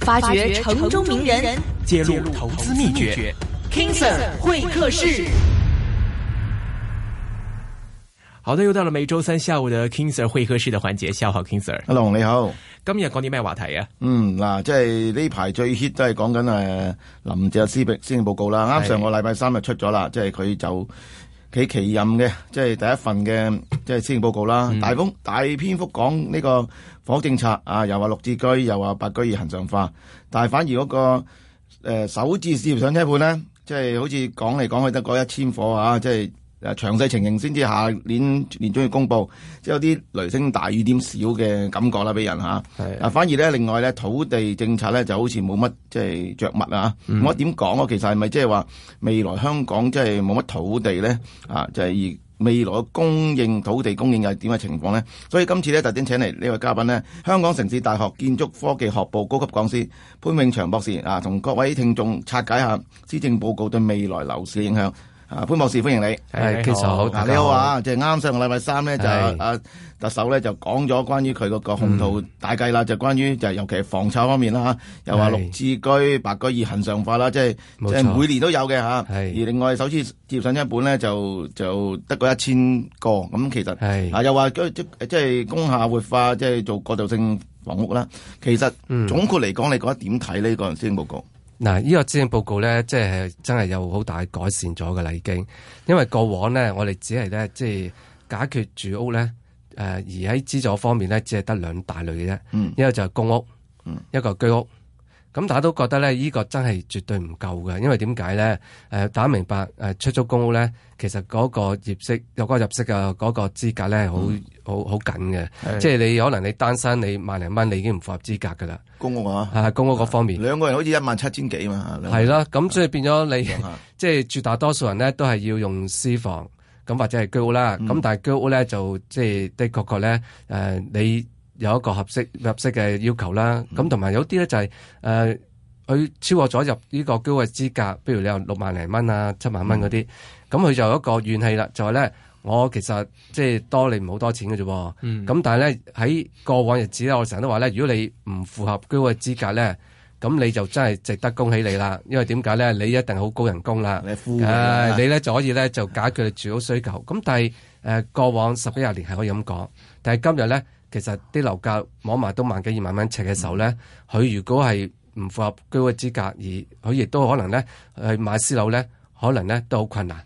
發掘城中名人，揭露投資秘訣。秘 King Sir, King Sir 會客室，好的，又到了每周三下午的 King Sir 會客室的環節，下午好，King Sir。阿龍你好，今日講啲咩話題啊？嗯，嗱，即係呢排最 hit 都係講緊誒林鄭思秘施政報告啦，啱上個禮拜三就出咗啦，即係佢就。其期任嘅，即係第一份嘅，即係施政報告啦。大風、嗯、大篇幅講呢個房屋政策啊，又話六字居，又話八居二恆常化，但係反而嗰、那個、呃、首置事業上車盤咧，即係好似講嚟講去得嗰一千夥啊，即係。誒詳細情形先至下年年中去公布，即係有啲雷聲大雨點小嘅感覺啦，俾人嚇。嗱，反而咧，另外咧，土地政策咧就好似冇乜即係著墨啊，冇乜點講咯。其實係咪即係話未來香港即係冇乜土地咧？啊，就係、是、而未來嘅供應土地供應又係點嘅情況咧？所以今次咧，特登請嚟呢位嘉賓咧，香港城市大學建築科技學部高級講師潘永祥博士啊，同各位聽眾拆解一下施政報告對未來樓市嘅影響。啊，潘博士，歡迎你。係堅好，你好啊。即係啱上個禮拜三咧，就阿特首咧就講咗關於佢個個宏圖大計啦，就關於就尤其係房產方面啦嚇。又話綠置居、白居二、恆常化啦，即係即係每年都有嘅嚇。而另外首次接上一本咧，就就得個一千個咁，其實啊又話即即即係工廈活化，即係做過渡性房屋啦。其實總括嚟講，你覺得點睇呢個施政報告？嗱，呢個施政報告咧，即係真係有好大的改善咗嘅啦，已經。因為過往咧，我哋只係咧，即係解決住屋咧，誒，而喺資助方面咧，只係得兩大類嘅啫。嗯。一個就係公屋，一個係居屋。咁大家都覺得咧，呢個真係絕對唔夠嘅，因為點解咧？誒，大家明白誒出租公屋咧，其實嗰個，嗰個入息有個入息嘅嗰個資格咧，係好好好緊嘅。的即係你可能你單身你萬零蚊，你已經唔符合資格㗎啦。公屋啊，係公屋嗰方面，啊，兩個人好似一萬七千幾嘛，係咯。咁所以變咗你，嗯、即係絕大多數人咧，都係要用私房咁或者係居屋啦。咁、嗯、但係居屋咧就即係的確確咧，誒、呃、你。有一個合適入息嘅要求啦，咁同埋有啲咧就係誒佢超過咗入呢個居屋嘅資格，譬如你有六萬零蚊啊、七萬蚊嗰啲，咁佢、嗯、就有一個怨氣啦，就是、呢，咧我其實即係多你唔好多錢嘅啫，咁、嗯、但係咧喺過往日子咧，我成日都話咧，如果你唔符合居屋嘅資格咧，咁你就真係值得恭喜你啦，因為點解咧？你一定好高人工啦，你咧、啊、就可以咧就解決住屋需求。咁、嗯、但係誒、呃、過往十幾廿年係可以咁講，但係今日咧。其實啲樓價摸埋都萬幾二萬蚊尺嘅時候咧，佢、嗯、如果係唔符合居屋資格，而佢亦都可能咧去買私樓咧，可能咧都好困難。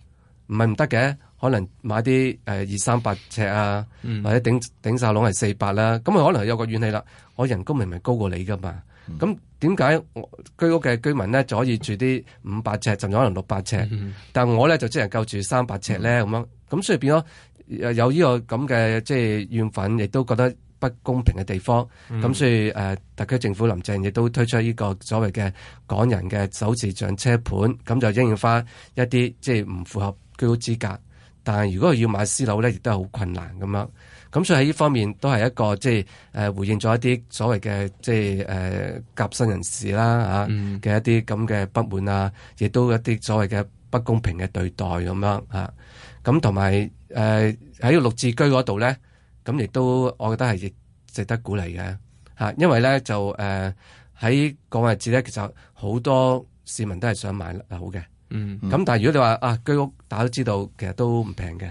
唔係唔得嘅，可能買啲呃、二三百尺啊，嗯、或者頂頂晒籠係四百啦，咁佢可能有個怨氣啦。我人工明明高過你噶嘛，咁點解居屋嘅居民咧就可以住啲五百尺，甚至可能六百尺，嗯、但我咧就只能夠住三百尺咧咁樣，咁所以變咗。有呢個咁嘅即係怨憤，亦都覺得不公平嘅地方。咁、嗯、所以誒、呃，特區政府林鄭亦都推出呢個所謂嘅港人嘅首次上車盤，咁就應用翻一啲即係唔符合居屋資格，但係如果要買私樓咧，亦都係好困難咁樣。咁所以喺呢方面都係一個即係誒、呃、回應咗一啲所謂嘅即係誒夾心人士啦吓嘅一啲咁嘅不滿啊，亦、嗯啊、都一啲所謂嘅不公平嘅對待咁樣吓。啊咁同埋誒喺個綠置居嗰度咧，咁亦都我覺得係亦值得鼓勵嘅吓，因為咧就誒喺、呃、個日子咧，其實好多市民都係想買樓嘅、嗯，嗯，咁但係如果你話啊居屋大家都知道其實都唔平嘅，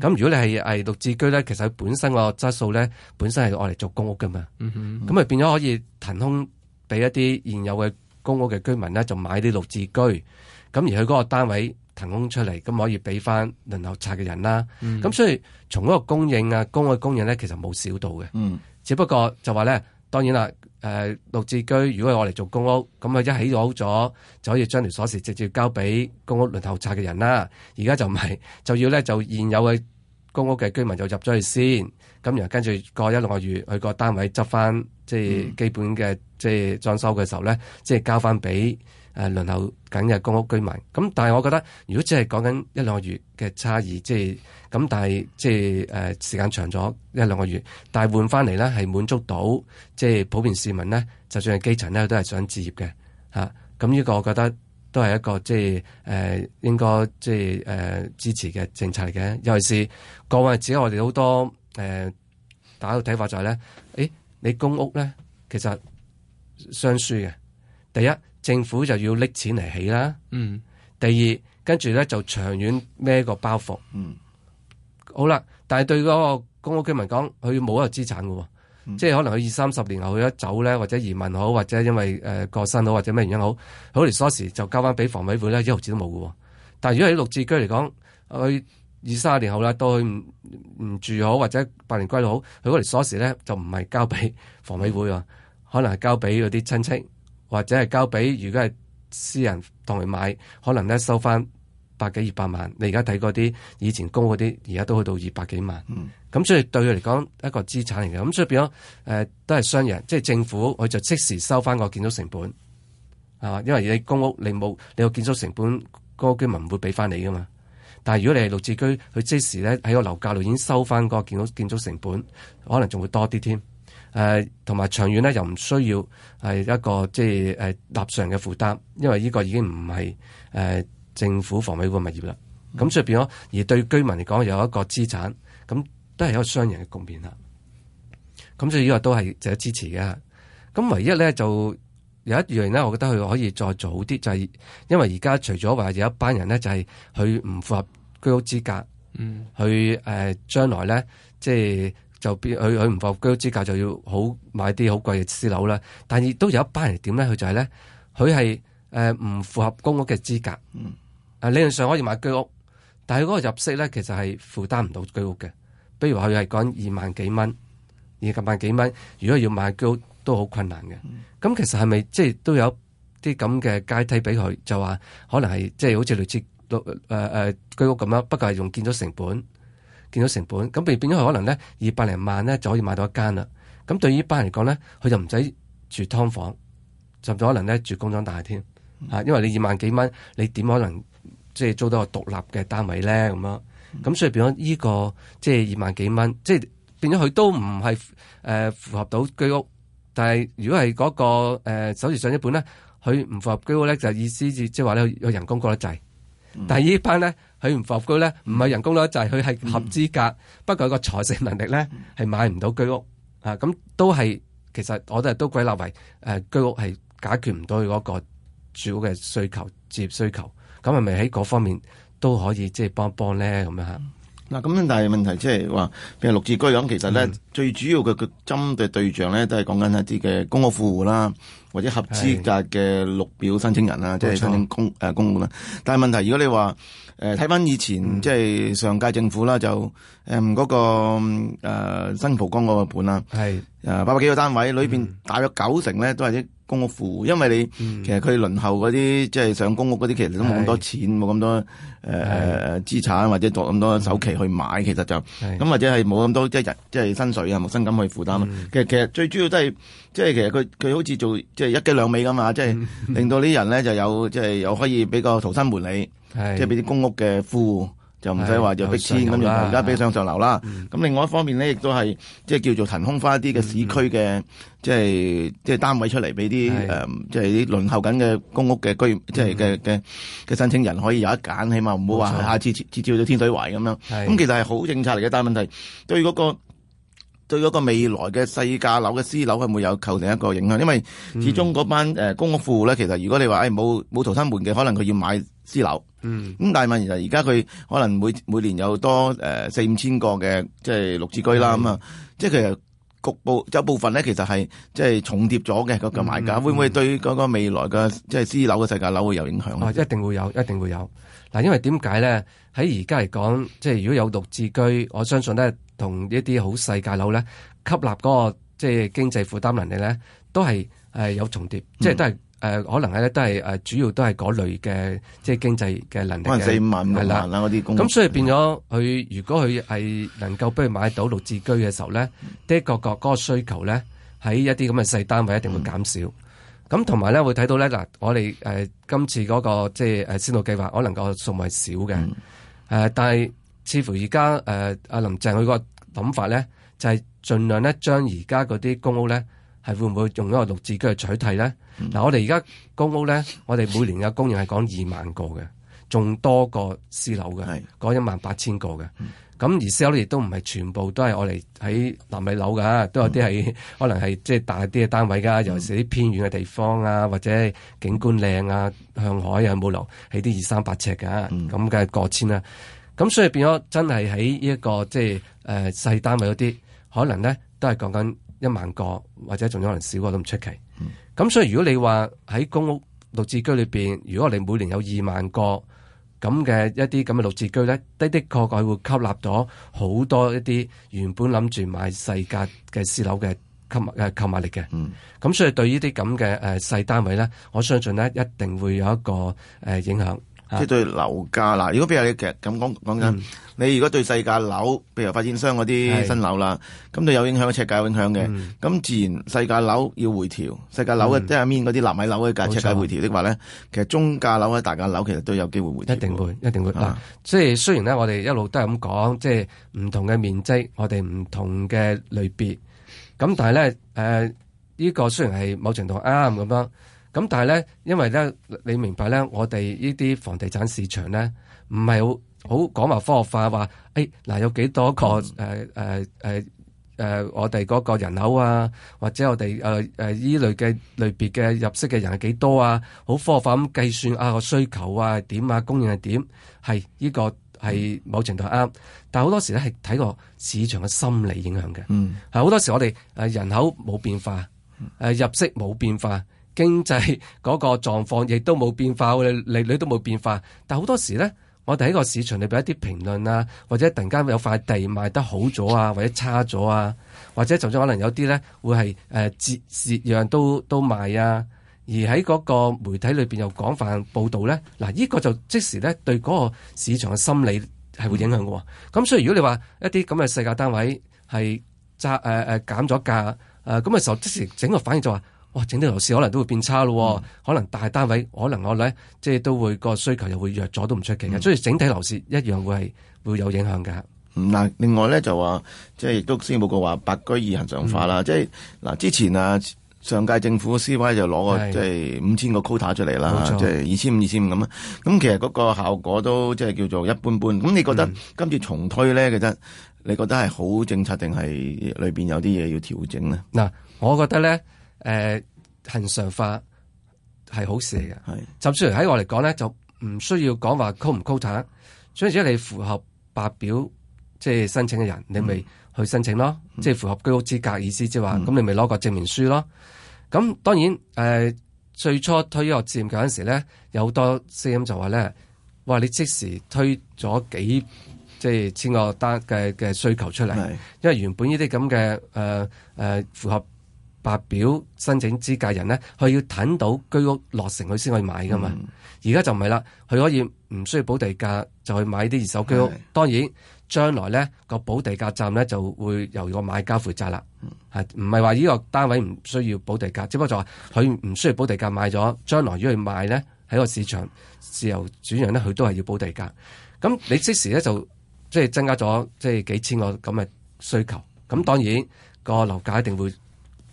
咁、嗯、如果你係綠置居咧，其實佢本身個質素咧，本身係愛嚟做公屋噶嘛，咁啊、嗯嗯、變咗可以騰空俾一啲現有嘅公屋嘅居民咧，就買啲綠置居，咁而佢嗰個單位。騰空出嚟，咁可以俾翻輪候冊嘅人啦，咁、嗯、所以從嗰個供應啊，公屋供應咧其實冇少到嘅，嗯、只不過就話咧，當然啦，誒綠置居如果我嚟做公屋，咁佢一起好咗就可以將條鎖匙直接交俾公屋輪候冊嘅人啦。而家就唔係，就要咧，就現有嘅公屋嘅居民就入咗去先，咁然後跟住過一個月去個單位執翻，即係基本嘅即係裝修嘅時候咧，嗯、即係交翻俾。誒輪候緊嘅公屋居民，咁但係我覺得，如果只係講緊一兩個月嘅差異，即係咁，但係即係時間長咗一兩個月，但係換翻嚟咧係滿足到，即係普遍市民咧，就算係基層咧，都係想置業嘅嚇。咁呢個我覺得都係一個即係誒應該即係誒支持嘅政策嚟嘅。尤其是各位，自己我哋好多誒大家嘅睇法就係咧，誒你公屋咧其實雙輸嘅，第一。政府就要搦錢嚟起啦。嗯，第二跟住咧就長遠孭個包袱。嗯，好啦，但係對嗰個公屋居民講，佢冇一個資產噶，嗯、即係可能佢二三十年後佢一走咧，或者移民好，或者因為誒、呃、過身好，或者咩原因好，佢嗰嚟鎖匙就交翻俾房委會咧，一毫子都冇噶。但係如果喺綠置居嚟講，佢二三十年後咧，到佢唔住好或者百年歸老好，佢嗰嚟鎖匙咧就唔係交俾房委會啊，可能係交俾嗰啲親戚。或者係交俾，如果係私人同佢買，可能咧收翻百幾二百萬。你而家睇嗰啲以前公嗰啲，而家都去到二百幾萬。咁、嗯、所以對佢嚟講一個資產嚟嘅。咁所以變咗誒、呃、都係商人，即係政府佢就即時收翻個建築成本，係嘛？因為你公屋你冇你個建築成本，個居民唔會俾翻你噶嘛。但係如果你係綠置居，佢即時咧喺個樓價度已經收翻個建築建築成本，可能仲會多啲添。誒同埋長遠咧，又唔需要係一個即係納稅人嘅負擔，因為呢個已經唔係、呃、政府房委會嘅物業啦。咁所以變咗，而對居民嚟講有一個資產，咁都係一個雙贏嘅局面啦。咁所以呢個都係值得支持嘅。咁唯一咧就有一樣咧，我覺得佢可以再做好啲，就係、是、因為而家除咗話有一班人咧，就係佢唔符合居屋資格，佢將、嗯呃、將來咧即係。就變佢佢唔符合居屋資格，就要好買啲好貴嘅私樓啦。但亦都有一班人點咧？佢就係、是、咧，佢係誒唔符合公屋嘅資格，啊、嗯、理論上可以買居屋，但係嗰個入息咧其實係負擔唔到居屋嘅。比如話佢係講二萬幾蚊，二萬幾蚊，如果要買居屋都好困難嘅。咁、嗯、其實係咪即係都有啲咁嘅階梯俾佢？就話可能係即係好似類似、呃、居屋咁樣，不過係用建築成本。見到成本，咁變咗佢可能咧二百零萬咧就可以買到一間啦。咁對呢班人嚟講咧，佢就唔使住劏房，甚至可能咧住工廠大廈添、嗯、因為你二萬幾蚊，你點可能即係租到個獨立嘅單位咧？咁咁、嗯、所以變咗呢、呢個即係、就是、二萬幾蚊，即、就、係、是、變咗佢都唔係誒符合到居屋。但係如果係嗰、嗰個首月、呃、上一本咧，佢唔符合居屋咧，就是、意思即係話咧有人工過得滯。但係呢班咧，佢唔符合咧，唔係人工咯，嗯、就係佢係合資格，嗯、不過一個財政能力咧係、嗯、買唔到居屋啊！咁都係，其實我哋都歸納為，誒、呃，居屋係解決唔到佢嗰住屋嘅需求，置業需求，咁係咪喺嗰方面都可以即係幫一幫呢？咧咁樣吓。嗯嗱咁，但係問題即係話，譬如綠置居咁，其實咧、嗯、最主要嘅嘅針對對象咧，都係講緊一啲嘅公屋富戶啦，或者合資格嘅綠表申請人啦，即係的申請公誒公屋啦。但係問題，如果你話誒睇翻以前，即係、嗯、上屆政府啦，就誒嗰、呃那個、呃、新蒲崗嗰個盤啦，誒八百幾個單位，裏面，大約九成咧都係公屋戶，因為你、嗯、其實佢輪候嗰啲即係上公屋嗰啲，其實都冇咁多錢，冇咁是多誒資、呃、是產，或者作咁多首期去買，其實就咁是或者係冇咁多即係、就是、人即係薪水啊、月薪咁去負擔咯。其實其實最主要都係即係其實佢佢好似做即係、就是、一雞兩味㗎嘛，即、就、係、是、令到啲人咧就有即係又可以比較逃生門檻，即係俾啲公屋嘅戶。就唔使話就逼遷咁，而家俾上上樓啦。咁、嗯、另外一方面咧，亦都係即係叫做騰空翻一啲嘅市區嘅，即係即係單位出嚟俾啲即係啲輪候緊嘅公屋嘅居，即係嘅嘅嘅申請人可以有得揀，起碼唔好話下次接接錯照到天水圍咁樣。咁、嗯、是其實係好政策嚟嘅，但係問題對嗰、那個。對嗰個未來嘅細價樓嘅私樓係唔會有構成一個影響，因為始終嗰班公屋戶咧，其實如果你話誒冇冇逃生門嘅，可能佢要買私樓。嗯。咁但係問題係而家佢可能每每年有多四五千個嘅即係綠置居啦，咁啊是，即係、嗯嗯、其實局部有部分咧，其實係即係重疊咗嘅嗰個買價、嗯嗯、會唔會對嗰個未來嘅即係私樓嘅細價樓會有影響、啊、一定會有，一定會有。嗱，因為點解咧？喺而家嚟講，即係如果有綠置居，我相信咧。同一啲好世界樓咧，吸納嗰、那個即係經濟負擔能力咧，都係、呃、有重疊，嗯、即係都係誒、呃、可能咧，都係主要都係嗰類嘅即係經濟嘅能力嘅啦啲咁，所以變咗佢、嗯，如果佢係能夠畀佢買到綠置居嘅時候咧，的確個嗰個需求咧，喺一啲咁嘅細單位一定會減少。咁同埋咧，會睇到咧嗱，我哋誒、呃、今次嗰、那個即係、啊、先導計劃，可能個數目少嘅誒、嗯呃，但係。似乎而家誒阿林鄭佢個諗法咧，就係、是、盡量咧將而家嗰啲公屋咧，係會唔會用一個綠置居去取替咧？嗱、嗯啊，我哋而家公屋咧，我哋每年嘅供應係講二萬個嘅，仲多過私樓嘅，講是一,一萬八千個嘅。咁、嗯、而私樓亦都唔係全部都係我哋喺納米樓噶，都有啲係、嗯、可能係即係大啲嘅單位噶，尤其是啲偏遠嘅地方啊，嗯、或者景觀靚啊，向海有冇樓，起啲二三百尺噶、啊，咁梗係過千啦、啊。咁所以變咗真係喺呢一個即係誒細單位嗰啲，可能咧都係講緊一萬個，或者仲有可能少過都唔出奇。咁、嗯、所以如果你話喺公屋、綠置居裏面，如果你每年有二萬個咁嘅一啲咁嘅綠置居咧，的的確確佢會吸納咗好多一啲原本諗住買細價嘅私樓嘅、呃、購誒購買力嘅。咁、嗯、所以對呢啲咁嘅誒細單位咧，我相信咧一定會有一個、呃、影響。啊、即係對樓價啦，如果譬如你其實咁講講緊，嗯、你如果對細價樓，譬如發展商嗰啲新樓啦，咁對是有影響，尺價有影響嘅。咁、嗯、自然細價樓要回調，細價樓嘅即係面嗰啲納米樓嘅價，尺價回調的話咧，啊、其實中價樓咧、大價樓其實都有機會回調，一定會，一定會。啊、即係雖然咧，我哋一路都係咁講，即係唔同嘅面積，我哋唔同嘅類別，咁但係咧，誒、呃、呢、呢個雖然係某程度啱咁樣。咁、嗯、但係咧，因為咧，你明白咧，我哋呢啲房地產市場咧，唔係好好講埋科學化話誒嗱，有幾多個誒誒誒誒，我哋嗰個人口啊，或者我哋誒誒呢類嘅類別嘅入息嘅人係幾多啊？好科學化咁計、嗯、算啊個需求啊點啊供應係點，係呢個係某程度係啱，但係好多時咧係睇個市場嘅心理影響嘅。嗯，係好多時我哋誒、啊、人口冇變化，誒、啊、入息冇變化。經濟嗰個狀況亦都冇變化，我哋利率都冇變化。但好多時咧，我哋喺個市場裏邊一啲評論啊，或者突然間有塊地賣得好咗啊，或者差咗啊，或者就算可能有啲咧會係誒節節樣都都賣啊。而喺嗰個媒體裏面又廣泛報導咧，嗱、這、呢個就即時咧對嗰個市場嘅心理係會影響嘅、哦。咁、嗯、所以如果你話一啲咁嘅世界單位係揸誒減咗價誒，咁、呃、嘅、呃呃、時候即時整個反應就話。哇，整體樓市可能都會變差咯、哦，嗯、可能大單位可能我咧即係都會、這個需求又會弱咗，都唔出奇嘅。嗯、所以整體樓市一樣會係、嗯、會有影響噶。嗱、嗯，另外咧就話即係亦都先冇個話白居二恆常化啦，即係嗱之前啊上屆政府嘅 C Y 就攞個即係五千個 quota 出嚟啦，即係二千五、二千五咁啊。咁其實嗰個效果都即係叫做一般般。咁你覺得今次重推咧，其實、嗯、你覺得係好政策定係裏邊有啲嘢要調整咧？嗱、嗯，我覺得咧。誒、呃，恆常化係好事嚟嘅。係是，就算喺我嚟講咧，就唔需要講話高唔高產，quote, 所以而家你符合白表即係、就是、申請嘅人，你咪去申請咯。嗯、即係符合居屋資格意思之，即係話咁，你咪攞個證明書咯。咁、嗯、當然誒、呃，最初推約佔嘅嗰陣時咧，有好多聲音就話咧，哇！你即時推咗幾即係、就是、千個單嘅嘅需求出嚟，是因為原本呢啲咁嘅誒誒符合。白表申請資格人咧，佢要等到居屋落成佢先可以買㗎嘛。而家、嗯、就唔係啦，佢可以唔需要補地價就去買啲二手居屋。的當然，將來咧個補地價站咧就會由個買家負責啦。嚇、嗯，唔係話呢個單位唔需要補地價，只不過就話佢唔需要補地價買咗，將來如果賣咧喺個市場自由轉讓咧，佢都係要補地價。咁你時時呢即時咧就即係增加咗即係幾千個咁嘅需求。咁當然、嗯、個樓價一定會。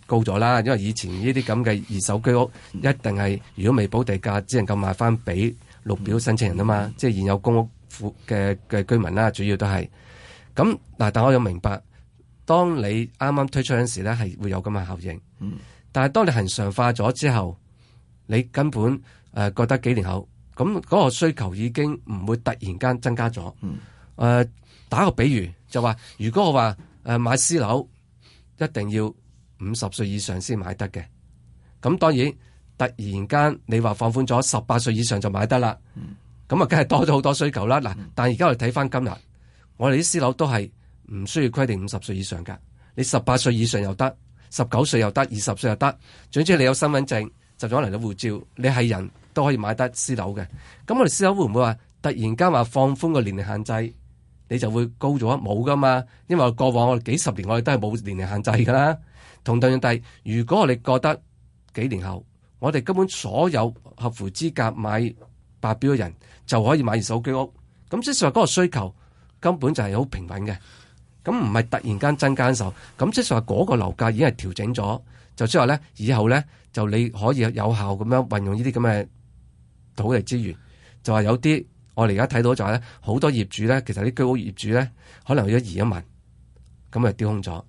高咗啦，因為以前呢啲咁嘅二手居屋一定係如果未補地價，只能夠賣翻俾綠表申請人啊嘛。即係現有公屋戶嘅嘅居民啦，主要都係咁嗱。但係我又明白，當你啱啱推出嗰陣時咧，係會有咁嘅效應。但係當你恒常化咗之後，你根本誒、呃、覺得幾年後咁嗰個需求已經唔會突然間增加咗、嗯呃。打個比喻就話、是，如果我話誒買私樓一定要，五十歲以上先買得嘅，咁當然突然間你話放寬咗十八歲以上就買得啦，咁啊，梗係多咗好多需求啦。嗱，但係而家我哋睇翻今日，我哋啲私樓都係唔需要規定五十歲以上噶，你十八歲以上又得，十九歲又得，二十歲又得，總之你有身份證，就咗嚟，有護照，你係人都可以買得私樓嘅。咁我哋私樓會唔會話突然間話放寬個年齡限制，你就會高咗？冇噶嘛，因為過往我哋幾十年我哋都係冇年齡限制噶啦。同第二，如果我哋覺得幾年後，我哋根本所有合乎資格買白表嘅人就可以買二手居屋，咁即係話嗰個需求根本就係好平穩嘅。咁唔係突然間增加受，咁即係話嗰個樓價已經係調整咗，就即係話咧以後咧，就你可以有效咁樣運用呢啲咁嘅土地資源。就話有啲我哋而家睇到就係、是、咧，好多業主咧，其實啲居屋業主咧，可能一移一萬咁啊，丟空咗。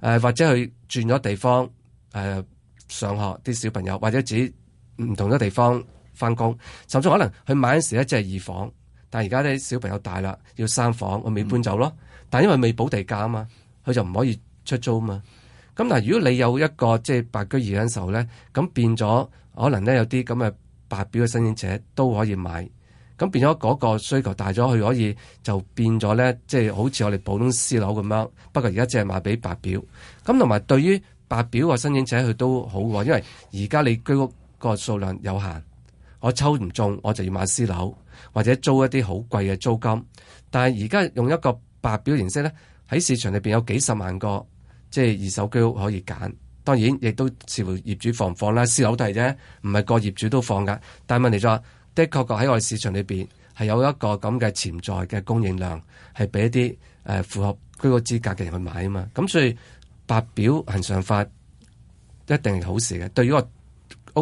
誒、呃、或者去轉咗地方誒、呃、上學啲小朋友，或者自己唔同咗地方翻工，甚至可能佢買嘅時呢，即係二房，但係而家啲小朋友大啦，要三房，我未搬走咯，嗯、但係因為未補地價啊嘛，佢就唔可以出租啊嘛。咁但如果你有一個即係白居二人時候咧，咁變咗可能咧有啲咁嘅白表嘅申請者都可以買。咁變咗嗰個需求大咗，佢可以就變咗咧，即係好似我哋普通私樓咁樣。不過而家只係賣俾白表，咁同埋對於白表個申請者，佢都好喎，因為而家你居屋個數量有限，我抽唔中我就要買私樓或者租一啲好貴嘅租金。但係而家用一個白表形式咧，喺市場裏面有幾十萬個即係二手居屋可以揀。當然亦都似乎業主放唔放啦，私樓都係啫，唔係個業主都放㗎。但係問題就的確個喺我哋市場裏邊係有一個咁嘅潛在嘅供應量，係俾一啲誒、呃、符合居屋資格嘅人去買啊嘛。咁所以白表恆常化一定係好事嘅，對於個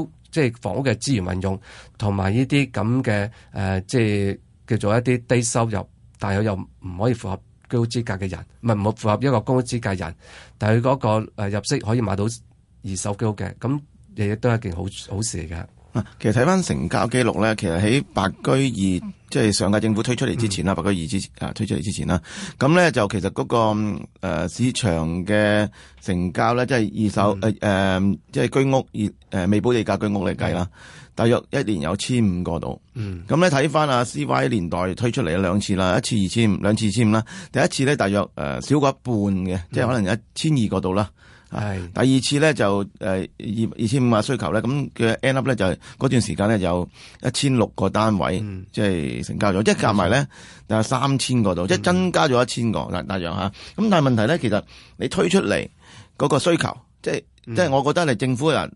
屋即係、就是、房屋嘅資源運用，同埋呢啲咁嘅誒，即係叫做一啲低收入，但係又唔可以符合居屋資格嘅人，唔係唔好符合一個公屋資格嘅人，但係佢嗰個誒入息可以買到二手居屋嘅，咁亦亦都係一件好好事嚟嘅。其實睇翻成交記錄咧，其實喺白居二即係、就是、上屆政府推出嚟之前啦，嗯、白居二之前啊推出嚟之前啦，咁咧就其實嗰、那個誒、呃、市場嘅成交咧，即係二手誒誒、嗯呃、即係居屋，誒、呃、未保地價居屋嚟計啦，嗯、大約一年有千五個度，咁咧睇翻啊 C Y 年代推出嚟有兩次啦，一次二千五，兩次二千五啦，第一次咧大約誒少、呃、過一半嘅，嗯、即係可能有一千二個度啦。係，是第二次咧就誒二二,二千五啊需求咧，咁佢 end up 咧就嗰段時間咧有一千六個單位，即係、嗯、成交咗，即係夾埋咧有三千個度，嗯、即係增加咗一千個嗱，大約下，咁、嗯、但係問題咧，其實你推出嚟嗰個需求，即係即係我覺得你政府人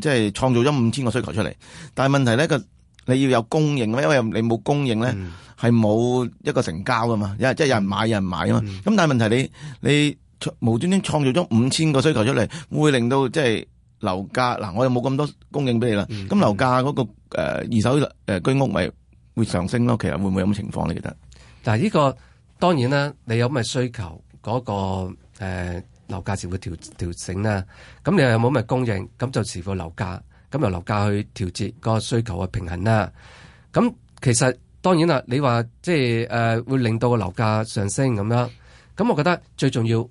即係創造咗五千個需求出嚟。但係問題咧，你要有供應啊，因為你冇供應咧，係冇、嗯、一個成交噶嘛，即、就、係、是、有人買有人買啊嘛。咁、嗯、但係問題你你。無端端創造咗五千個需求出嚟，會令到即係樓價嗱，我又冇咁多供應俾你啦。咁樓價嗰個誒、呃、二手誒居屋咪會上升咯？其實會唔會有咁情況咧？其實嗱，呢個當然啦，你有咩需求，那個，嗰個誒樓價就會調調整啦。咁你又有冇咩供應，咁就持貨樓價咁由樓價去調節個需求嘅平衡啦。咁其實當然啦，你話即係誒、呃、會令到個樓價上升咁樣，咁我覺得最重要。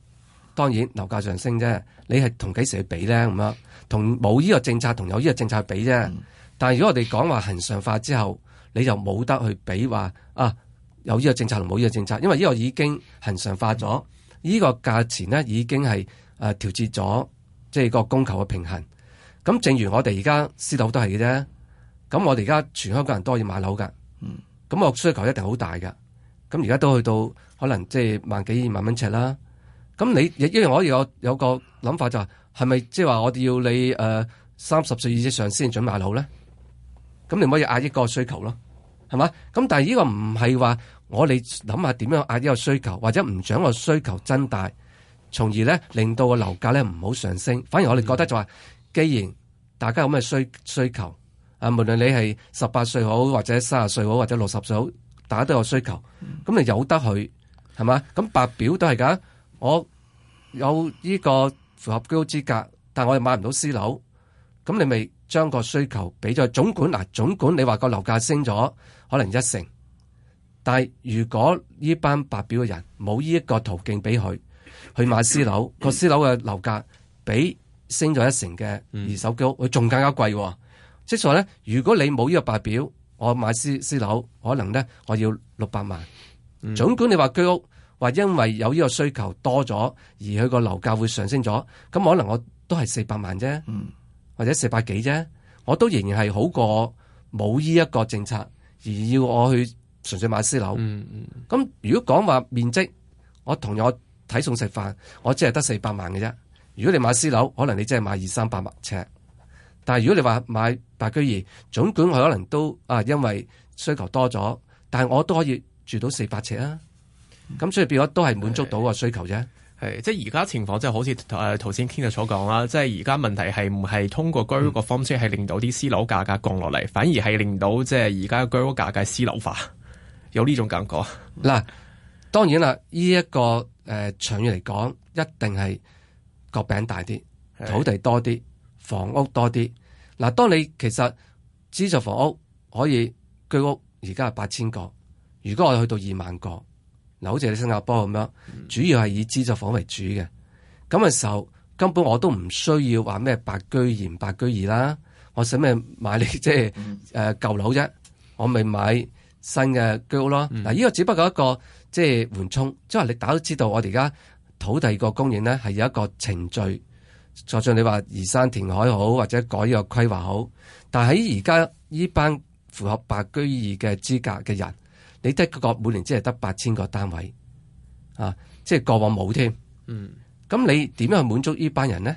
當然樓價上升啫，你係同幾時去比咧？咁樣同冇依個政策同有依個政策去比啫。嗯、但如果我哋講話恒常化之後，你就冇得去比話啊有依個政策同冇依個政策，因為呢個已經恒常化咗，依、嗯、個價錢咧已經係誒、呃、調節咗，即、就、係、是、個供求嘅平衡。咁正如我哋而家私樓都係嘅啫，咁我哋而家全香港人都可以買樓㗎，咁我需求一定好大㗎。咁而家都去到可能即係萬幾萬蚊尺啦。咁你亦一樣可以有有個諗法就係、是，係咪即係話我哋要你誒三十歲以至上先準買樓咧？咁你唔可以壓抑個需求咯，係嘛？咁但係呢個唔係話我哋諗下點樣壓抑個需求，或者唔想個需求增大，從而咧令到個樓價咧唔好上升。反而我哋覺得就話、是，既然大家有咩需需求，啊，無論你係十八歲好，或者卅歲好，或者六十歲好，大家都有需求，咁你有得去係嘛？咁白表都係噶。我有呢個符合居屋資格，但係我又買唔到私樓，咁你咪將個需求俾咗總管嗱，總管你話個樓價升咗可能一成，但係如果呢班白表嘅人冇呢一個途徑俾佢去買私樓，個 私樓嘅樓價比升咗一成嘅二手居屋佢仲更加貴。哦，即係話咧，如果你冇呢個白表，我買私私樓可能咧我要六百萬， 總管你話居屋。話因為有呢個需求多咗，而佢個樓價會上升咗，咁可能我都係四百萬啫，嗯、或者四百幾啫，我都仍然係好過冇呢一個政策，而要我去純粹買私樓。咁、嗯嗯、如果講話面積，我同樣我睇餸食飯，我只係得四百萬嘅啫。如果你買私樓，可能你只係買二三百尺，但係如果你話買白居二，儘管我可能都啊，因為需求多咗，但係我都可以住到四百尺啊。咁、嗯嗯、所以變咗都係滿足到個需求啫。係即係而家情況，即係好似誒頭先傾就所講啦。即係而家問題係唔係通過居屋個方式係令到啲私樓價格降落嚟，嗯、反而係令到即係而家居屋價格私樓化，有呢種感覺。嗱、嗯，當然啦，呢、這、一個誒、呃、長遠嚟講，一定係個餅大啲，土地多啲，是的 房屋多啲。嗱，當你其實資助房屋可以居屋，而家係八千個，如果我去到二萬個。好似你新加坡咁樣，主要係以資助房為主嘅。咁嘅、嗯、時候，根本我都唔需要話咩白居賢、白居二啦。我使咩買你即係誒舊樓啫？我咪買新嘅居屋咯。嗱、嗯，呢個只不過一個即係緩衝，即係你大家都知道我哋而家土地個供應咧係有一個程序，就算你話移山填海好，或者改呢個規劃好。但係喺而家呢班符合白居二嘅資格嘅人。你的確每年只係得八千個單位，啊，即係過往冇添。嗯，咁你點樣去滿足呢班人咧？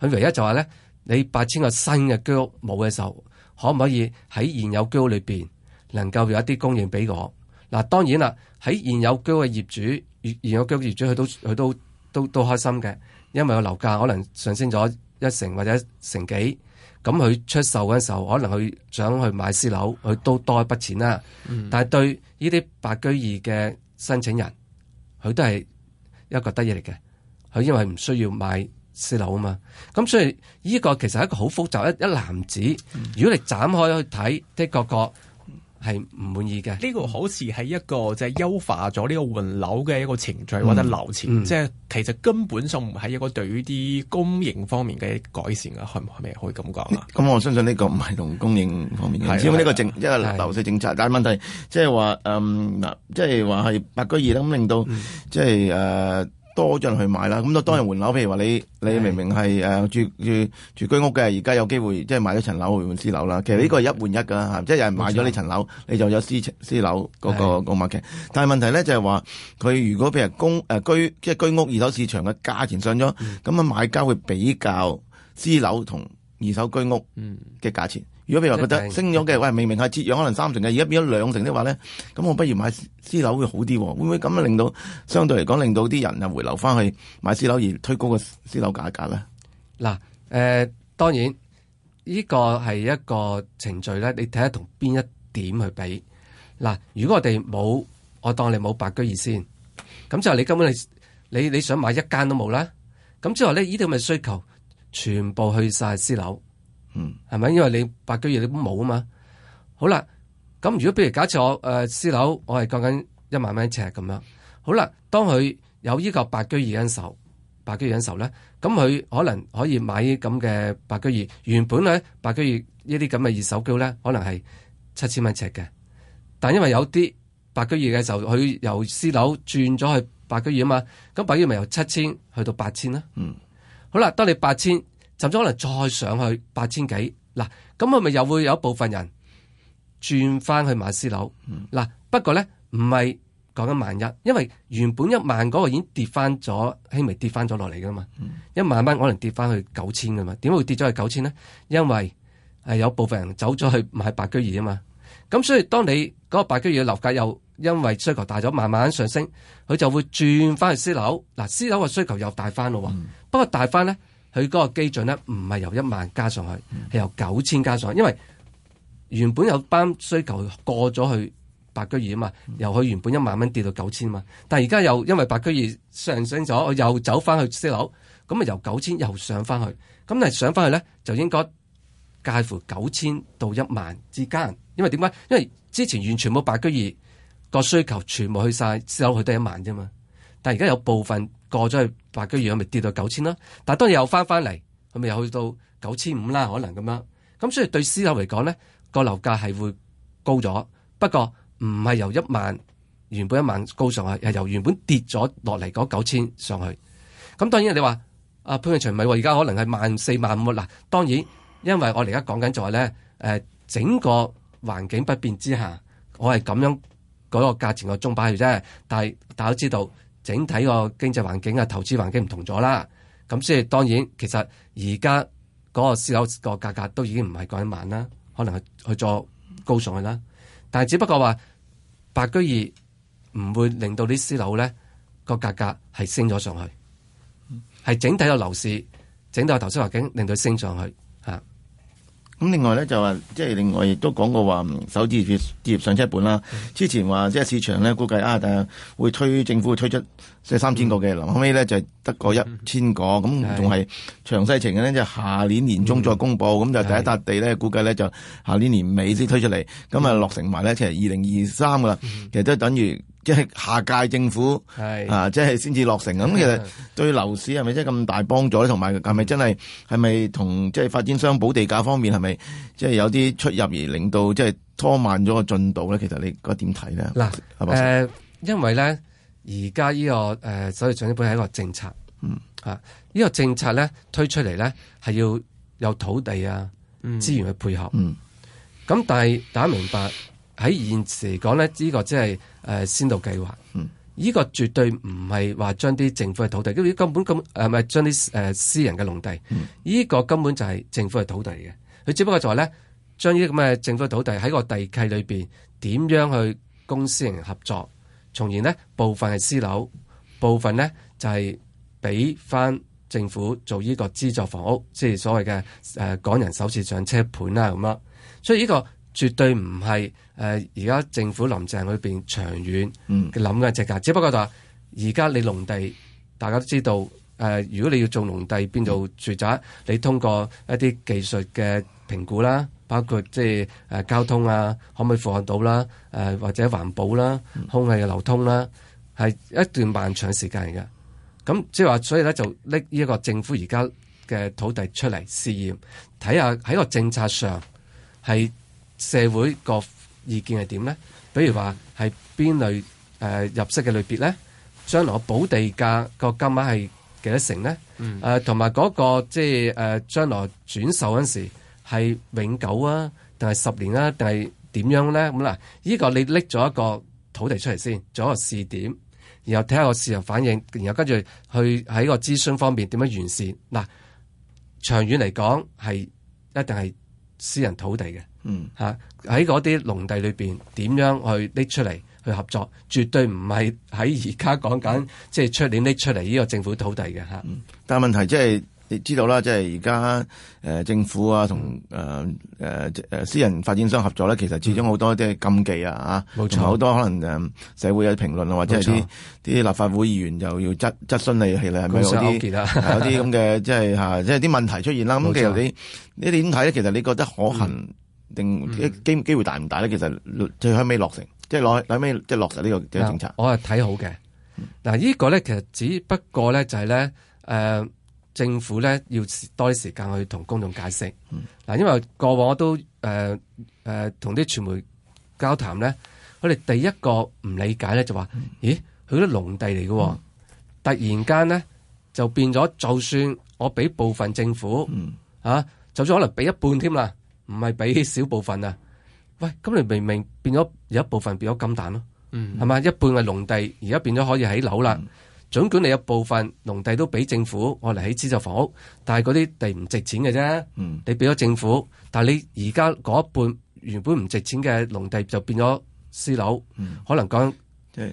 佢唯一就話咧，你八千個新嘅居屋冇嘅時候，可唔可以喺現有居屋裏邊能夠有一啲供應俾我？嗱、啊，當然啦，喺現有居屋嘅業主，現有居屋嘅業主佢都佢都都都，都開心嘅，因為個樓價可能上升咗一成或者成幾。咁佢出售嗰陣時候，可能佢想去買私樓，佢都多一筆錢啦、啊。嗯、但係對呢啲白居易嘅申請人，佢都係一個得益嚟嘅。佢因為唔需要買私樓啊嘛，咁所以呢個其實係一個好複雜嘅一一籃子。嗯、如果你斬開去睇，的確確，確。係唔滿意嘅，呢、嗯、個好似係一個即係優化咗呢個換樓嘅一個程序或者流程，嗯嗯、即係其實根本上唔係一個對於啲供應方面嘅改善，是是是是啊，可唔可可以咁講啊？咁我相信呢個唔係同供應方面，因為呢個政一個樓市政策，但係問題即係話嗯嗱，即係話係白居二啦，咁令到即係誒。嗯就是呃多進去買啦，咁多當人換樓。譬如話你，你明明係誒住住住居屋嘅，而家有機會即係買咗層樓換換私樓啦。其實呢個係一換一㗎，嗯、即係有人買咗呢層樓，你就有私私樓嗰個 market 嘅。的但係問題咧就係話，佢如果譬如公誒居即係居屋二手市場嘅價錢上咗，咁啊買家會比較私樓同二手居屋嘅價錢。如果譬如話覺得升咗嘅，喂、哎，明明係節約可能三成嘅，而家變咗兩成的話咧，咁我不如買私樓會好啲，會唔會咁樣令到相對嚟講令到啲人又回流翻去買私樓而推高個私樓價格咧？嗱、呃，當然呢、呢個係一個程序咧，你睇下同邊一點去比嗱？如果我哋冇，我當你冇白居易先，咁即係你根本你你你想買一間都冇啦，咁之後咧呢啲咪需求全部去晒私樓。嗯，係咪？因為你白居二你冇啊嘛，好啦。咁如果譬如假設我誒、呃、私樓，我係講緊一萬蚊一尺咁樣，好啦。當佢有依個白居二嘅時候，白居嘅時候咧，咁佢可能可以買啲咁嘅白居二。原本咧，白居二呢啲咁嘅二手票咧，可能係七千蚊一尺嘅。但因為有啲白居二嘅時候，佢由私樓轉咗去白居二啊嘛，咁白居二咪由七千去到八千啦。嗯，好啦，當你八千。甚至可能再上去八千幾，嗱咁佢咪又會有一部分人轉翻去買私樓，嗱、嗯、不過咧唔係講緊萬一，因為原本一萬嗰個已經跌翻咗，輕微，微跌翻咗落嚟噶嘛，一萬蚊可能跌翻去九千噶嘛，點會跌咗去九千咧？因為、呃、有部分人走咗去買白居二啊嘛，咁所以當你嗰個白居二嘅樓價又因為需求大咗慢慢上升，佢就會轉翻去私樓，嗱私樓嘅需求又大翻咯，嗯、不過大翻咧。佢嗰個基準咧，唔係由一萬加上去，係由九千加上去。因為原本有班需求過咗去白居易啊嘛，由佢原本一萬蚊跌到九千啊嘛，但而家又因為白居易上升咗，又走翻去私樓，咁啊由九千又上翻去，咁但係上翻去咧，就應該介乎九千到一萬之間。因為點解？因為之前完全冇白居易個需求，全部去晒私樓，去得一萬啫嘛。但而家有部分。過咗去八居月，咪跌 9, 000, 到九千啦。但係當然又翻翻嚟，佢咪又去到九千五啦，可能咁樣。咁所以對私樓嚟講咧，個樓價係會高咗。不過唔係由一萬原本一萬高上去，係由原本跌咗落嚟嗰九千上去。咁當然你話阿潘永祥咪話而家可能係萬四萬五啦。當然，因為我而家講緊就係咧，誒整個環境不變之下，我係咁樣嗰、那個價錢個鐘擺住啫。但係大家都知道。整體個經濟環境啊，投資環境唔同咗啦，咁所以當然其實而家嗰個私樓個價格都已經唔係講緊一萬啦，可能係去作高上去啦，但係只不過話白居二唔會令到啲私樓咧個價格係升咗上去，係、嗯、整體個樓市、整體個投資環境令到佢升上去。咁另外咧就話，即係另外亦都講過話，首置業業上車盤啦。之前話即係市場咧估計啊，但家會推政府推出即係三千個嘅，臨後尾咧就得過一千個，咁仲係詳細情嘅咧就下年年中再公佈，咁的就第一笪地咧估計咧就下年年尾先推出嚟，咁啊的落成埋咧其實二零二三噶啦，的其實都等於。即係下屆政府是啊，即係先至落成咁。其實對樓市係咪真係咁大幫助咧？同埋係咪真係係咪同即係發展商補地價方面係咪即係有啲出入而令到即係、就是、拖慢咗個進度咧？其實你覺得點睇咧？嗱，係咪，誒，因為咧而家呢、這個誒、呃，所謂政府係一個政策，吓呢、嗯啊這個政策咧推出嚟咧係要有土地啊資、嗯、源去配合，咁、嗯嗯、但係大家明白。喺現時嚟講咧，呢個即係誒先導計劃。嗯、呢個絕對唔係話將啲政府嘅土地，因為根本咁誒唔係將啲誒、呃、私人嘅農地。嗯、呢個根本就係政府嘅土地嘅，佢只不過就係咧將呢啲咁嘅政府嘅土地喺個地契裏邊點樣去公私營合作，從而呢部分係私樓，部分咧就係俾翻政府做呢個資助房屋，即係所謂嘅誒、呃、港人首次上車盤啦咁樣。所以呢個。絕對唔係誒，而、呃、家政府林鄭裏邊長遠嘅諗嘅只㗎，嗯、只不過就話而家你農地，大家都知道誒、呃。如果你要做農地變做住宅，嗯、你通過一啲技術嘅評估啦，包括即係、呃、交通啊，可唔可以負荷到啦、呃？或者環保啦、空氣嘅流通啦，係一段漫長嘅時間嘅。咁即係話，所以咧就拎呢一個政府而家嘅土地出嚟試驗，睇下喺個政策上係。社會個意見係點咧？比如話係邊類誒入息嘅類別咧？將來我補地價、嗯啊個金額係幾多成咧？誒同埋嗰個即係誒將來轉售嗰陣時係永久啊，定係十年啊，定係點樣咧？咁嗱，依、這個你拎咗一個土地出嚟先，做一個試點，然後睇下個市場反應，然後跟住去喺個諮詢方面點樣完善。嗱，長遠嚟講係一定係。私人土地嘅，吓，喺嗰啲農地裏邊點樣去搦出嚟去合作，絕對唔係喺而家講緊，即係、嗯、出年搦出嚟呢個政府土地嘅嚇、啊嗯。但係問題即係。你知道啦，即係而家，誒，政府啊，同誒誒誒，私人發展商合作咧，其實始終好多即係禁忌啊，吓，冇錯，好多可能誒，社會有啲評論啊，或者係啲啲立法會議員就要質質詢你，係咪係咪有啲有啲咁嘅，即係吓，即係啲問題出現啦。咁其實你你點睇咧？其實你覺得可行定機機會大唔大咧？其實最後尾落成，即係攞尾，即係落實呢個政策。我係睇好嘅。嗱，呢個咧其實只不過咧就係咧，誒。政府咧要多啲時間去同公眾解釋。嗱，因為過往我都誒誒同啲傳媒交談咧，佢哋第一個唔理解咧就話，咦，佢啲農地嚟嘅。嗯、突然間咧就變咗，就算我俾部分政府嚇、嗯啊，就算可能俾一半添啦，唔係俾少部分啊。喂，咁你明明變咗有一部分變咗金蛋咯，係嘛、嗯？一半係農地，而家變咗可以起樓啦。嗯總管你有部分農地都俾政府，我嚟起資助房屋，但係嗰啲地唔值錢嘅啫。嗯、你俾咗政府，但係你而家嗰一半原本唔值錢嘅農地就變咗私樓，嗯、可能講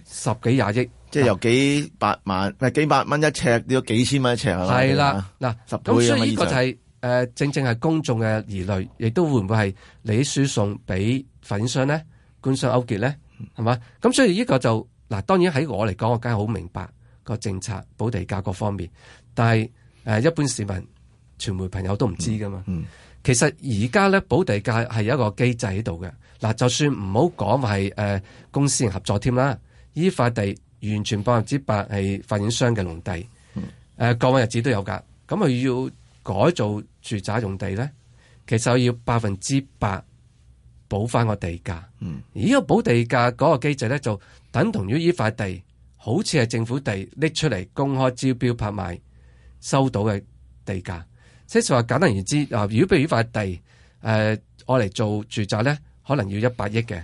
十幾廿億，嗯、即係由幾百萬幾、啊、幾百蚊一尺，變咗幾千蚊一尺係啦。嗱，咁所以呢個就係正正係公眾嘅疑慮，亦都會唔會係你輸送俾發展商呢？官商勾結呢？係嘛、嗯？咁所以呢個就嗱、啊，當然喺我嚟講，我梗係好明白。個政策補地價各方面，但係誒、呃、一般市民傳媒朋友都唔知噶嘛。嗯嗯、其實而家咧補地價係有一個機制喺度嘅。嗱、呃，就算唔好講係誒公司合作添啦，呢塊地完全百分之百係發展商嘅農地。誒過往日子都有噶，咁啊要改造住宅用地咧，其實要百分之百補翻、嗯、個地價。而個補地價嗰個機制咧，就等同於呢塊地。好似係政府地拎出嚟公開招標拍賣收到嘅地價。即係話，簡單而言之，啊，如果譬如呢塊地誒，我、呃、嚟做住宅咧，可能要一百億嘅。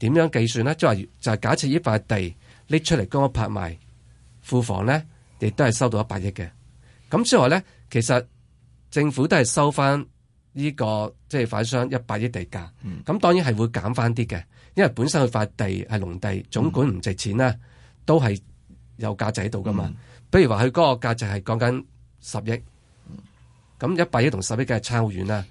點樣計算咧？即係話就係假設呢塊地拎出嚟公開拍賣，庫房咧亦都係收到一百億嘅。咁之後咧，其實政府都係收翻呢、這個即係、就是、反商一百億地價。咁、嗯、當然係會減翻啲嘅，因為本身佢塊地係農地，總管唔值錢啦。嗯都係有價值喺度㗎嘛？嗯、比如話佢嗰個價值係講緊十億，咁一百億同十億梗係差好遠啦。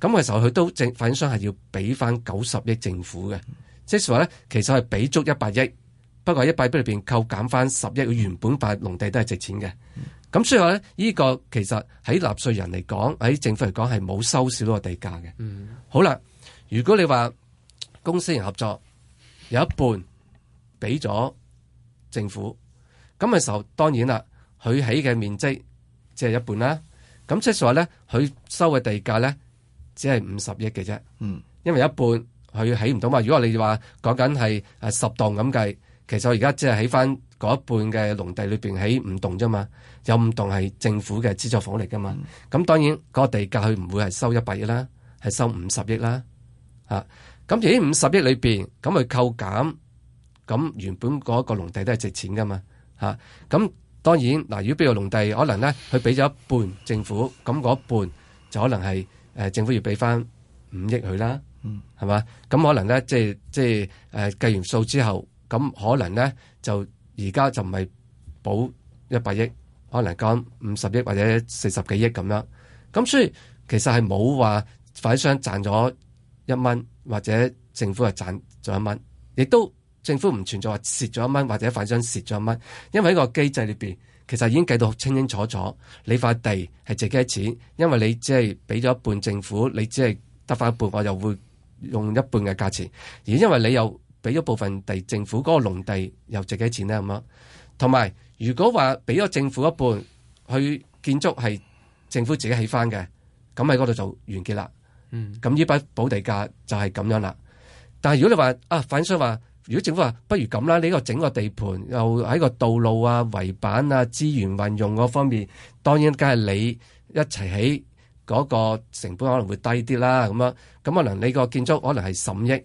咁嘅時候佢都政發展商係要俾翻九十億政府嘅，即係話咧，其實係俾足一百億，不過一百億裏邊扣減翻十億，佢原本塊農地都係值錢嘅。咁所以話咧，呢、呢個其實喺納稅人嚟講，喺政府嚟講係冇收少咗個地價嘅。嗯、好啦，如果你話公私人合作有一半俾咗。政府咁嘅時候，當然啦，佢起嘅面積只係一半啦。咁即係話咧，佢收嘅地價咧，只係五十億嘅啫。嗯，因為一半佢起唔到嘛。如果你話講緊係十棟咁計，其實我而家即係起翻嗰一半嘅農地裏邊起五棟啫嘛，有五棟係政府嘅資助房嚟噶嘛。咁當然嗰個地價佢唔會係收一百億啦，係收五十億啦。吓、啊，咁而喺五十億裏邊，咁佢扣減。咁原本嗰一個農地都係值錢噶嘛，嚇，咁、啊、當然嗱、啊，如果俾個農地可能咧，佢俾咗一半政府，咁嗰一半就可能係、呃、政府要俾翻五億佢啦，嗯，係嘛？咁可能咧，即係即係誒、呃、計完數之後，咁可能咧就而家就唔係補一百億，可能講五十億或者四十幾億咁樣。咁所以其實係冇話發展商賺咗一蚊，或者政府係賺咗一蚊，亦都。政府唔存在話蝕咗一蚊或者反商蝕咗一蚊，因為喺個機制裏面其實已經計到清清楚楚，你塊地係值幾多錢，因為你即係俾咗一半政府，你即係得翻一半，我又會用一半嘅價錢。而因為你又俾咗部分地政府，嗰個農地又值幾多錢咧咁樣，同埋如果話俾咗政府一半去建築係政府自己起翻嘅，咁喺嗰度就完結啦。嗯，咁呢筆補地價就係咁樣啦。但係如果你話啊反商話，如果政府話不如咁啦，呢個整個地盤又喺個道路啊、圍板啊、資源運用嗰方面，當然梗係你一齊起嗰個成本可能會低啲啦。咁樣咁可能你個建築可能係十五億，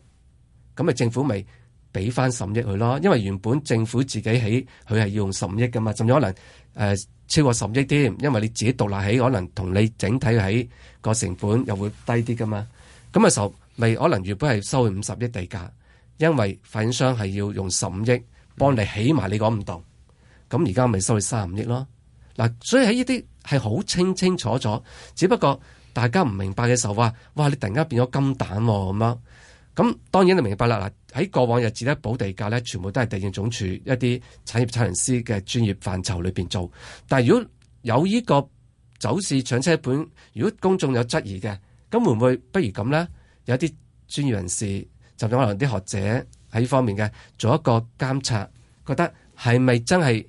咁咪政府咪俾翻十五億佢咯？因為原本政府自己起佢係要用十五億噶嘛，甚至可能、呃、超過十億添。因為你自己獨立起，可能同你整體起個成本又會低啲噶嘛。咁嘅時候咪可能原本係收五十億地價。因為發展商係要用十五億幫你起埋你講唔到，咁而家咪收你三十五億咯。嗱、啊，所以喺呢啲係好清清楚楚，只不過大家唔明白嘅時候話：哇！你突然間變咗金蛋喎咁樣。咁當然你明白啦。嗱、啊，喺過往日子咧，補地價咧，全部都係地政總署一啲產業測量師嘅專業範疇裏面做。但如果有呢個走市搶車盤，如果公眾有質疑嘅，咁會唔會不如咁咧？有啲專業人士。甚至可能啲學者喺呢方面嘅做一個監察，覺得係咪真係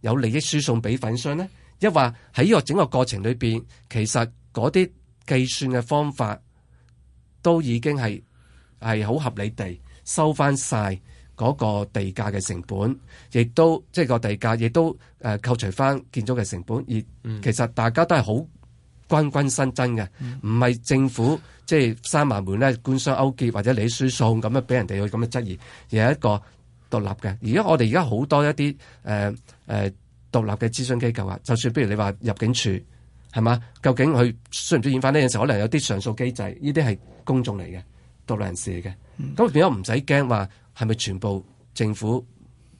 有利益輸送俾粉商咧？抑或喺呢個整個過程裏邊，其實嗰啲計算嘅方法都已經係係好合理地收翻晒嗰個地價嘅成本，亦都即係、就是、個地價亦都誒扣除翻建築嘅成本，而其實大家都係好。官官新憎嘅，唔係政府即係閂埋門咧，官商勾結或者利益輸送咁啊，俾人哋去咁嘅質疑，而係一個獨立嘅。而家我哋而家好多一啲誒誒獨立嘅諮詢機構啊，就算譬如你話入境處係嘛，究竟佢需唔需要引翻咧？有時候可能有啲上訴機制，呢啲係公眾嚟嘅獨立人士嚟嘅，咁點解唔使驚話係咪全部政府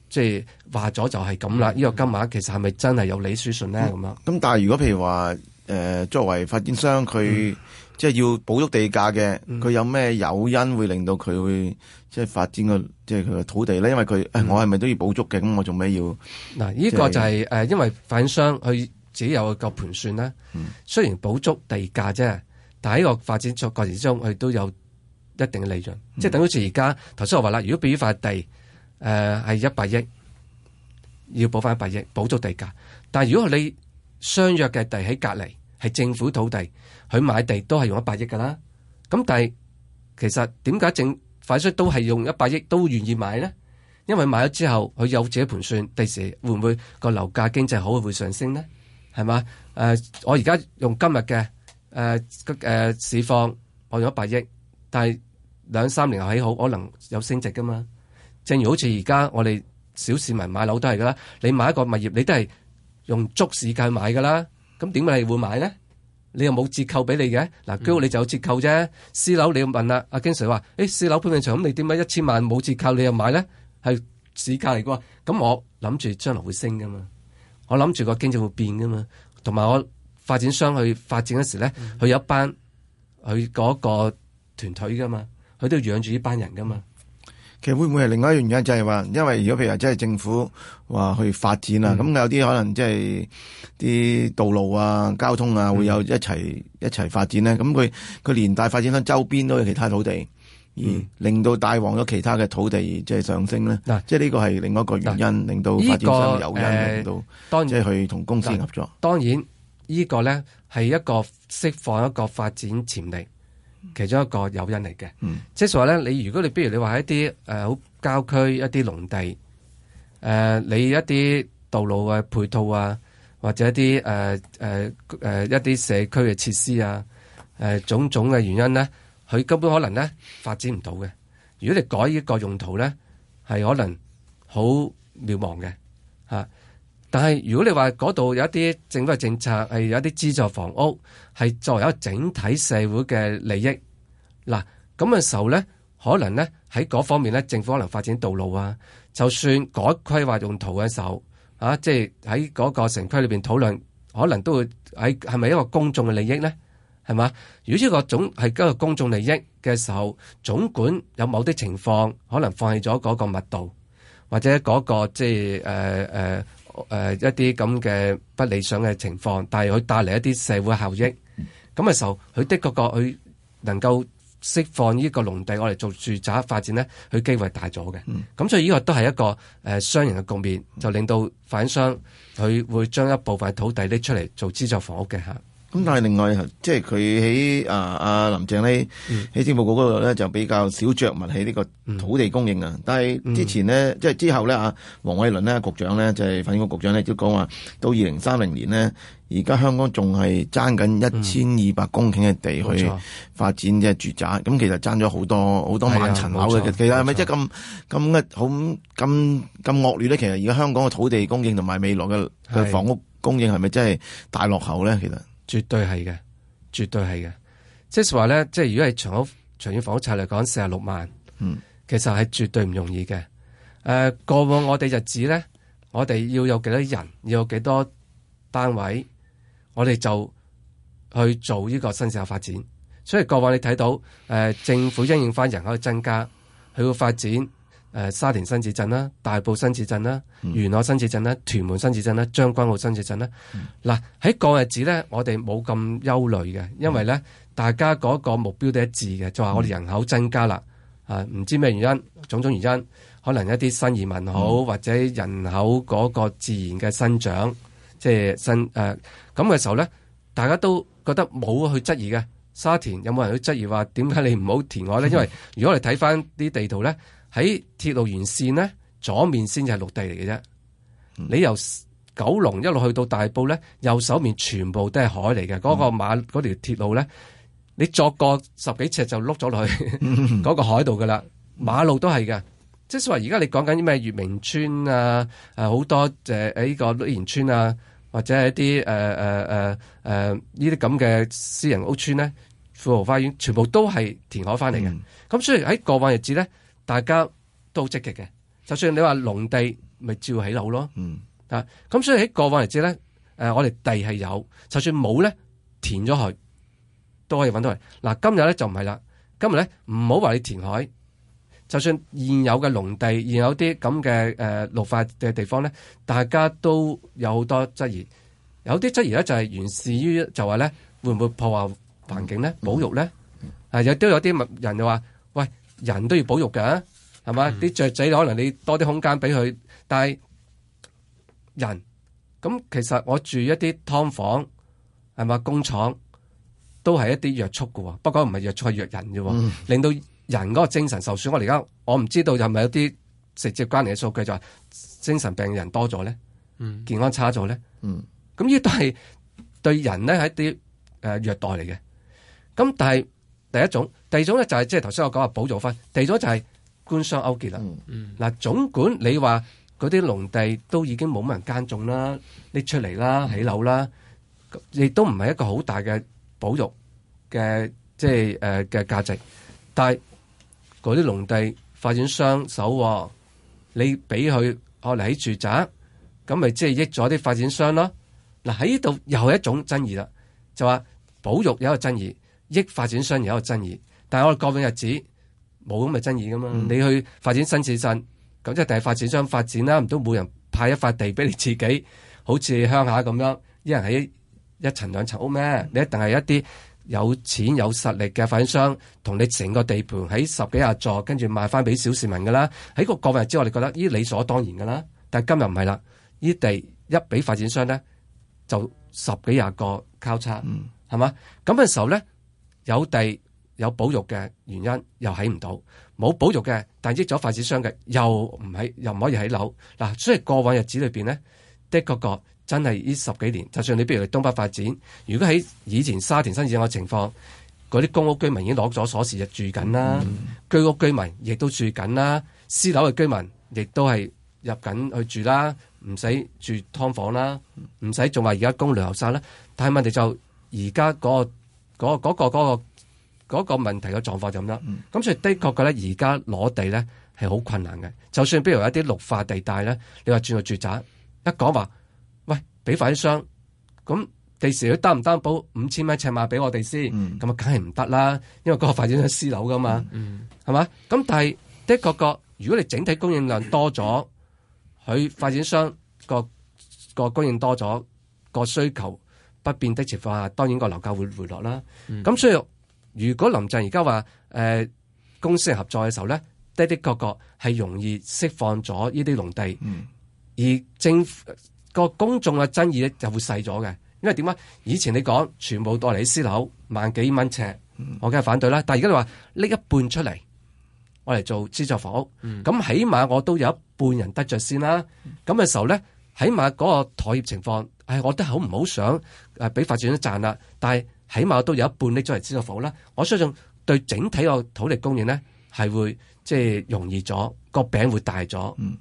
即係話咗就係咁啦？呢、這個金額其實係咪真係有利益輸送咧？咁、嗯嗯、樣咁但係如果譬如話。嗯誒，作為發展商，佢即係要補足地價嘅，佢、嗯、有咩誘因會令到佢會即係發展個即係佢個土地咧？因為佢誒、哎，我係咪都要補足嘅？咁我做咩要？嗱、就是，呢個就係、是、誒、呃，因為發展商佢自己有一個盤算啦。嗯、雖然補足地價啫，但喺個發展作過程之中，佢都有一定嘅利潤。嗯、即係等於好似而家，頭先我話啦，如果俾於塊地誒係一百億，要補翻一百億，補足地價。但係如果你相約嘅地喺隔籬。係政府土地，佢買地都係用一百億噶啦。咁但係其實點解政府都係用一百億都願意買呢？因為買咗之後佢有自己盤算，第時會唔會個樓價經濟好會上升呢？係嘛？誒、呃，我而家用今日嘅，誒誒市況，我用一百億，但係兩三年後起好，可能有升值噶嘛？正如好似而家我哋小市民買樓都係噶啦，你買一個物業，你都係用足市價買噶啦。咁點解你會買咧？你又冇折扣俾你嘅嗱、啊，居屋你就有折扣啫、嗯啊哎。私樓你問啦，阿經 Sir 話，誒私樓潘永祥咁，你點解一千萬冇折扣你又買咧？係市價嚟嘅喎，咁我諗住將來會升㗎嘛，我諗住個經濟會變㗎嘛，同埋我發展商去發展嘅時咧，佢、嗯、有一班佢嗰個團隊㗎嘛，佢都養住呢班人㗎嘛。其實會唔會係另外一樣原因，就係、是、話，因為如果譬如話，即係政府話去發展啦，咁、嗯、有啲可能即係啲道路啊、交通啊，會有一齊一齊發展咧。咁佢佢連帶發展響周邊都有其他土地，嗯、而令到帶旺咗其他嘅土地即係上升咧。嗱、嗯，即係呢個係另外一個原因，嗯嗯嗯、令到發展商有誘因，令到、這個呃、即係去同公司合作。當然，嗯、這個呢個咧係一個釋放一個發展潛力。其中一個誘因嚟嘅，嗯、即係話咧，你如果你，比如你話一啲誒好郊區一啲農地，誒、呃、你一啲道路嘅、啊、配套啊，或者啲誒誒誒一啲、呃呃呃、社區嘅設施啊，誒、呃、種種嘅原因咧，佢根本可能咧發展唔到嘅。如果你改一個用途咧，係可能好渺茫嘅嚇。啊。但係如果你話嗰度有一啲政府嘅政策係有一啲資助房屋，係作為一個整體社會嘅利益，嗱咁嘅時候咧，可能咧喺嗰方面咧，政府可能發展道路啊，就算改規劃用途嘅時候，啊，即係喺嗰個城區裏邊討論，可能都會喺係咪一個公眾嘅利益咧？係嘛？如果呢個總係一個公眾利益嘅時候，總管有某啲情況，可能放棄咗嗰個密度，或者嗰、嗰個即係，誒誒。就是呃呃誒、呃，一啲咁嘅不理想嘅情況，但係佢帶嚟一啲社會效益，咁嘅、嗯、時候，佢的確個佢能夠釋放呢個農地，我嚟做住宅發展咧，佢機會大咗嘅。咁、嗯、所以呢個都係一個誒、呃、商人嘅局面，就令到反商佢會將一部分土地拎出嚟做資助房屋嘅吓。咁但係另外，即係佢喺啊啊林鄭呢，喺、嗯、政府局嗰度咧就比較少著墨喺呢個土地供應啊。嗯、但係之前呢，嗯、即係之後咧啊，黃偉倫呢，局長咧就係房屋局長咧都講話，到二零三零年呢，而家香港仲係爭緊一千二百公頃嘅地去發展即係住宅。咁、嗯、其實爭咗好多好多萬層樓嘅，其實係咪即係咁咁嘅好咁咁惡劣咧？其實而家香港嘅土地供應同埋未來嘅嘅房屋供應係咪真係大落後咧？其實？絕對係嘅，絕對係嘅。即係話咧，即係如果係長屋長遠房屋策嚟講，四十六萬，嗯、其實係絕對唔容易嘅。誒、呃，過往我哋日子咧，我哋要有幾多人，要有幾多單位，我哋就去做呢個新市鎮發展。所以過往你睇到誒、呃，政府因應翻人口嘅增加，佢會發展。誒、呃、沙田新市鎮啦，大埔新市鎮啦，嗯、元朗新市鎮啦，屯門新市鎮，新市鎮、嗯、啦，將軍澳新市鎮啦。嗱喺個日子咧，我哋冇咁憂慮嘅，因為咧大家嗰個目標都一致嘅，就話我哋人口增加啦、嗯、啊，唔知咩原因，種種原因，可能一啲新移民好，嗯、或者人口嗰個自然嘅生長，即、就、係、是、新誒咁嘅時候咧，大家都覺得冇去質疑嘅，沙田有冇人去質疑話點解你唔好填海咧？嗯、因為如果你睇翻啲地圖咧。喺鐵路沿線咧，左面先至係陸地嚟嘅啫。你由九龍一路去到大埔咧，右手面全部都係海嚟嘅。嗰、嗯、個馬嗰條鐵路咧，你鑿個十幾尺就碌咗落去嗰個海度噶啦。 馬路都係嘅。即係話而家你講緊啲咩？月明村啊，誒、啊，好多就係呢個綠園村啊，或者係一啲誒誒誒誒呢啲咁嘅私人屋村咧，富豪花園全部都係填海翻嚟嘅。咁、嗯、所以喺過往日子咧。大家都好積極嘅，就算你話農地咪照起樓咯，嗯、啊咁所以喺過往嚟講咧，我哋地係有，就算冇咧填咗佢都可以搵到佢。嗱今日咧就唔係啦，今日咧唔好話你填海，就算現有嘅農地、現有啲咁嘅誒綠化嘅地方咧，大家都有好多質疑，有啲質疑咧就係源自於就話咧會唔會破壞環境咧、保育咧，係、嗯啊、亦都有啲人就話喂。人都要保育嘅，係嘛？啲、嗯、雀仔可能你多啲空間俾佢，但係人咁，其實我住一啲劏房，係嘛工廠，都係一啲約束嘅。不過唔係約束，係約束人嘅，嗯、令到人嗰個精神受損。我而家我唔知道係咪有唔有啲直接關聯嘅數據，就話、係、精神病人多咗咧，嗯、健康差咗咧。咁呢、嗯、都係對人咧係啲誒虐待嚟嘅。咁但係。第一種，第二種咧就係即係頭先我講話保育分，第二種就係官商勾結啦。嗱、嗯，嗯、總管你話嗰啲農地都已經冇乜人耕種啦，拎出嚟啦，起樓啦，亦都唔係一個好大嘅保育嘅即係誒嘅價值。但係嗰啲農地發展商手，你俾佢我嚟起住宅，咁咪即係益咗啲發展商咯。嗱，喺呢度又係一種爭議啦，就話保育有一個爭議。益發展商有一個爭議，但係我哋國運日子冇咁嘅爭議噶嘛？嗯、你去發展新市鎮，咁即係大發展商發展啦，唔通每人派一塊地俾你自己，好似鄉下咁樣，一人喺一層兩層屋咩？嗯、你一定係一啲有錢有實力嘅發展商，同你整個地盤喺十幾廿座，跟住賣翻俾小市民噶啦。喺個國運日子，我哋覺得呢理所當然噶啦。但係今日唔係啦，呢地一俾發展商咧，就十幾廿個交叉，係嘛、嗯？咁嘅時候咧。有地有保育嘅原因又起唔到，冇保育嘅，但係益咗發展商嘅又唔起，又唔可以起樓。嗱、啊，所以過往日子裏邊咧，的確確真係呢十幾年，就算你比如你東北發展，如果喺以前沙田新市鎮嘅情況，嗰啲公屋居民已經攞咗鎖匙就住緊啦，嗯、居屋居民亦都住緊啦，私樓嘅居民亦都係入緊去住啦，唔使住劏房啦，唔使仲話而家供旅流生啦。但係問題就而家嗰個。嗰嗰、嗰個嗰、嗰個嗰、嗰個嗰個、問題嘅狀況就咁啦，咁、嗯、所以的確嘅咧，而家攞地咧係好困難嘅。就算比如有一啲綠化地帶咧，你話轉去住宅，一講話，喂，俾發展商，咁第時佢擔唔擔保五千蚊尺碼俾我哋先？咁啊、嗯，梗係唔得啦，因為嗰個發展商私樓噶嘛，係嘛、嗯？咁、嗯、但係的確個，如果你整體供應量多咗，佢、嗯、發展商個個供應多咗，個需求。不變的情況下，當然個樓價會回落啦。咁、嗯、所以如果林鄭而家話誒公司合作嘅時候咧，的的確確係容易釋放咗呢啲農地，嗯、而政個、呃、公眾嘅爭議咧就會細咗嘅。因為點解？以前你講全部帶嚟私樓萬幾蚊尺，嗯、我梗係反對啦。但係而家你話拎一半出嚟，我嚟做資助房屋，咁、嗯、起碼我都有一半人得着先啦。咁嘅、嗯、時候咧。起碼嗰個妥協情況，我都好唔好想誒俾發展商賺啦。但係起碼都有一半拎咗嚟資助房啦。我相信對整體個土地供應咧係會即係容易咗，個餅會大咗。嗯，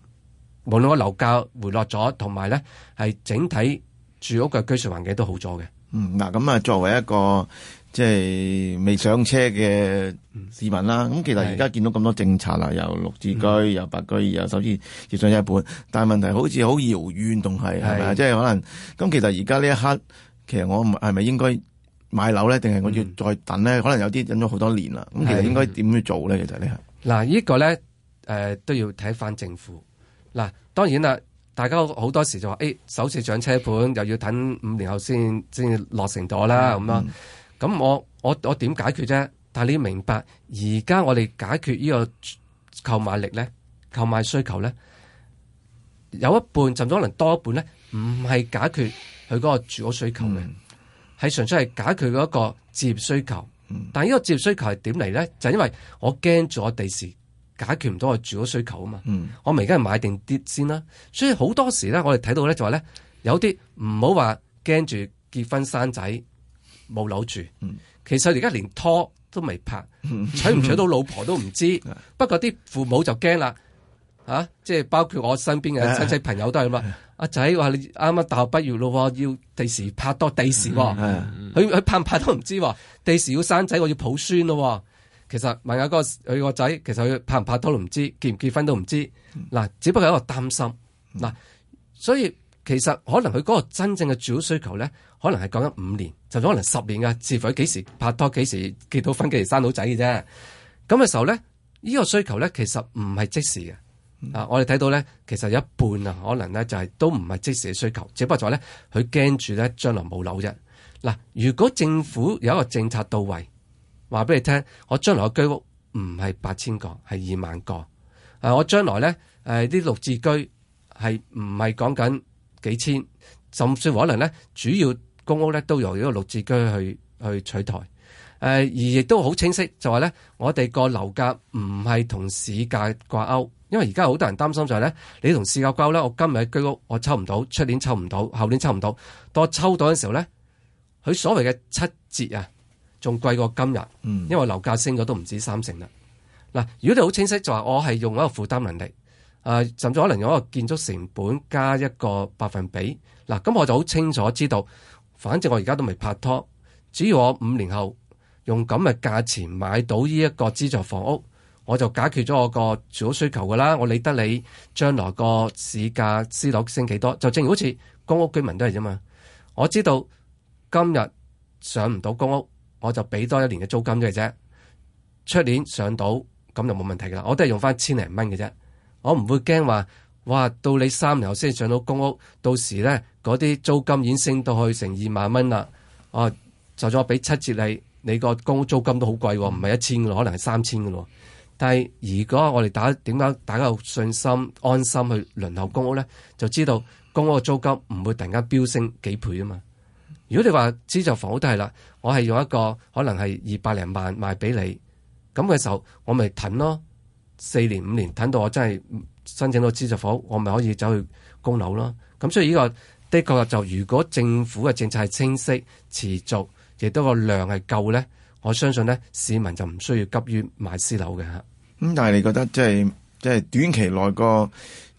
無論個樓價回落咗，同埋咧係整體住屋嘅居住環境都好咗嘅。嗯，嗱咁啊，作為一個。即係未上車嘅市民啦，咁其實而家見到咁多政策啦，由綠置居、又白居，又首次上車盤，但係問題好似好遙遠，同係係咪即係可能咁，其實而家呢一刻，其實我係咪應該買樓咧，定係我要再等咧？可能有啲忍咗好多年啦，咁其實應該點去做咧？其實你係嗱，呢個咧誒都要睇翻政府嗱。當然啦，大家好多時就話，誒，首次上車盤又要等五年後先先落成咗啦，咁樣。咁我我我點解決啫？但係你要明白，而家我哋解決呢個購買力咧，購買需求咧，有一半甚至可能多一半咧，唔係解決佢嗰個住屋需求嘅，係純、嗯、粹係解決嗰一個置業需求。嗯、但係呢個置業需求係點嚟咧？就係、因為我驚住我第時解決唔到個住屋需求啊嘛。嗯、我咪而家係買定啲先啦。所以好多時咧，我哋睇到咧就話咧，有啲唔好話驚住結婚生仔。冇樓住，其實而家連拖都未拍，娶唔娶到老婆都唔知。 不過啲父母就驚啦，啊，即係包括我身邊嘅親戚朋友都係咁 啊。阿仔話：你啱啱大學畢業咯，要第時拍拖，第時、哦，佢佢 拍唔拍都唔知。第時要生仔，我要抱孫咯、哦。其實問下嗰佢個仔，其實佢拍唔拍拖都唔知，結唔結婚都唔知。嗱， 只不過係一個擔心嗱、 啊，所以。其實可能佢嗰個真正嘅住屋需求咧，可能係講緊五年，就可能十年啊，視乎幾時拍拖，幾時結到婚，幾時生到仔嘅啫。咁嘅時候咧，呢、這個需求咧其實唔係即時嘅。嗯、啊，我哋睇到咧，其實有一半啊，可能咧就係、是、都唔係即時嘅需求，只不過就係咧，佢驚住咧將來冇樓啫。嗱，如果政府有一個政策到位，話俾你聽，我將來嘅居屋唔係八千個，係二萬個。啊，我將來咧誒啲六字居係唔係講緊。幾千，甚至可能咧，主要公屋咧都由呢個綠置居去去取代，誒而亦都好清晰，就話咧，我哋個樓價唔係同市價掛鈎，因為而家好多人擔心就係咧，你同市價掛鉤咧，我今日居屋我抽唔到，出年抽唔到，後年抽唔到，當抽到嘅時候咧，佢所謂嘅七折啊，仲貴過今日，因為樓價升咗都唔止三成啦。嗱，如果你好清晰，就話我係用一個負擔能力。啊、呃！甚至可能用一個建築成本加一個百分比，嗱，咁我就好清楚知道。反正我而家都未拍拖，只要我五年後用咁嘅價錢買到呢一個資助房屋，我就解決咗我個住屋需求噶啦。我理得你將來個市價私樓升幾多？就正如好似公屋居民都係啫嘛。我知道今日上唔到公屋，我就俾多一年嘅租金啫。啫，出年上到咁就冇問題噶啦。我都係用返千零蚊嘅啫。我唔會驚話，哇！到你三年後先上到公屋，到時咧嗰啲租金已經升到去成二萬蚊啦。哦、啊，就算我俾七折你，你個公屋租金都好貴喎、哦，唔係一千嘅，可能係三千嘅咯。但係如果我哋打點解大家有信心安心去輪候公屋咧，就知道公屋嘅租金唔會突然間飆升幾倍啊嘛。如果你話資助房屋都係啦，我係用一個可能係二百零萬賣俾你，咁嘅時候我咪揼咯。四年五年等到我真係申請到資助房，我咪可以走去供樓咯。咁所以呢個的確就，如果政府嘅政策係清晰持續，亦都個量係夠呢，我相信呢市民就唔需要急於買私樓㗎。咁、嗯、但係你覺得即係即係短期內個？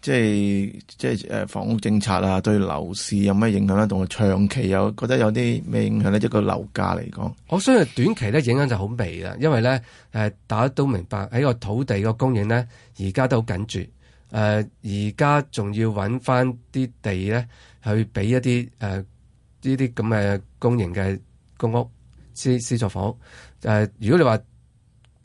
即係即係誒，房屋政策啊，對樓市有咩影響咧？同埋長期有覺得有啲咩影響咧？即係個樓價嚟講，我相信短期咧影響就好微啦，因為咧誒、呃，大家都明白喺個土地個供應咧，而家都好緊絀。誒、呃，而家仲要搵翻啲地咧去俾一啲誒呢啲咁嘅公營嘅公屋私私作房誒、呃，如果你話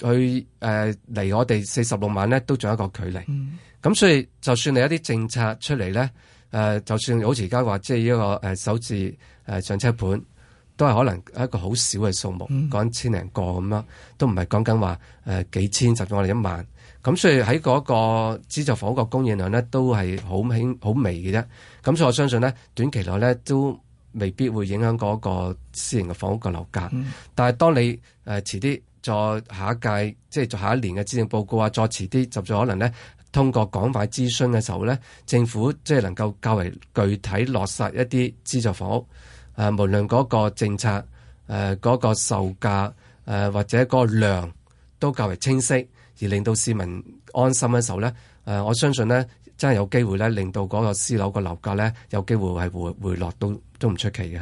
佢誒離我哋四十六萬咧，都仲有一個距離。嗯咁所以就算你一啲政策出嚟咧，誒，就算好似而家話，即係一個誒首次誒上車盤，都係可能一個好少嘅數目，講，一千零個咁樣，都唔係講緊話誒幾千，甚至我哋一萬。咁所以喺嗰個資助房屋嘅供應量咧，都係好輕好微嘅啫。咁所以我相信咧，短期內咧都未必會影響嗰個私營嘅房屋嘅樓價，但係當你誒遲啲再下一屆，即係做下一年嘅施政報告啊，再遲啲甚至可能咧。通過廣泛諮詢嘅時候咧，政府即係能夠較為具體落實一啲資助房屋，啊、呃，無論嗰個政策、誒、呃、嗰、那個售價、誒、呃、或者嗰個量都較為清晰，而令到市民安心嘅時候咧，誒、呃、我相信咧真係有機會咧，令到嗰個私樓個樓價咧有機會係回回落都都唔出奇嘅。